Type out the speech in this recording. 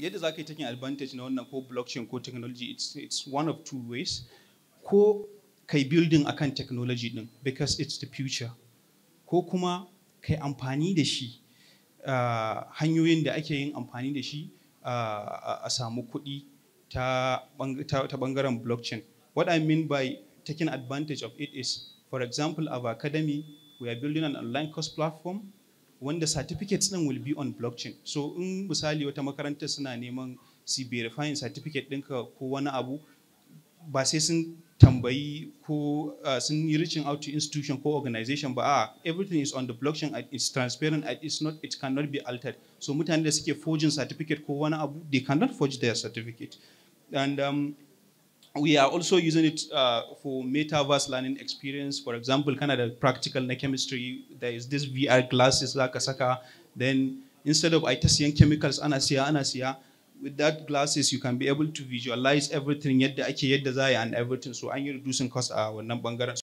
yadda za ka yi taking advantage na wannan ko blockchain ko technology it's, it's one of two ways ko kai building akan technology din because it's the future ko kuma kai amfani da shi ah, hanyoyin da ake yin amfani da shi ah, a samu kuɗi ta bangaren blockchain what i mean by taking advantage of it is for example our academy we are building an online course platform wanda certificates din will be on blockchain so in misali wata makarantar suna neman si verifying certificate ɗinka ko wani abu ba sai sun tambayi ko ah, sun yi reaching out to institution ko organization ba a ah, everything is on the blockchain it's transparent it's not it cannot be altered so mutane da suke forging certificate ko wani abu they cannot forge their certificate and um, we are also using it uh, for metaverse learning experience. For example, kind of the practical na chemistry, there is this VR glasses like Asaka. Then instead of I chemicals anasia, anasia, with that glasses you can be able to visualize everything yet the desire and everything. So I'm reducing cost our number.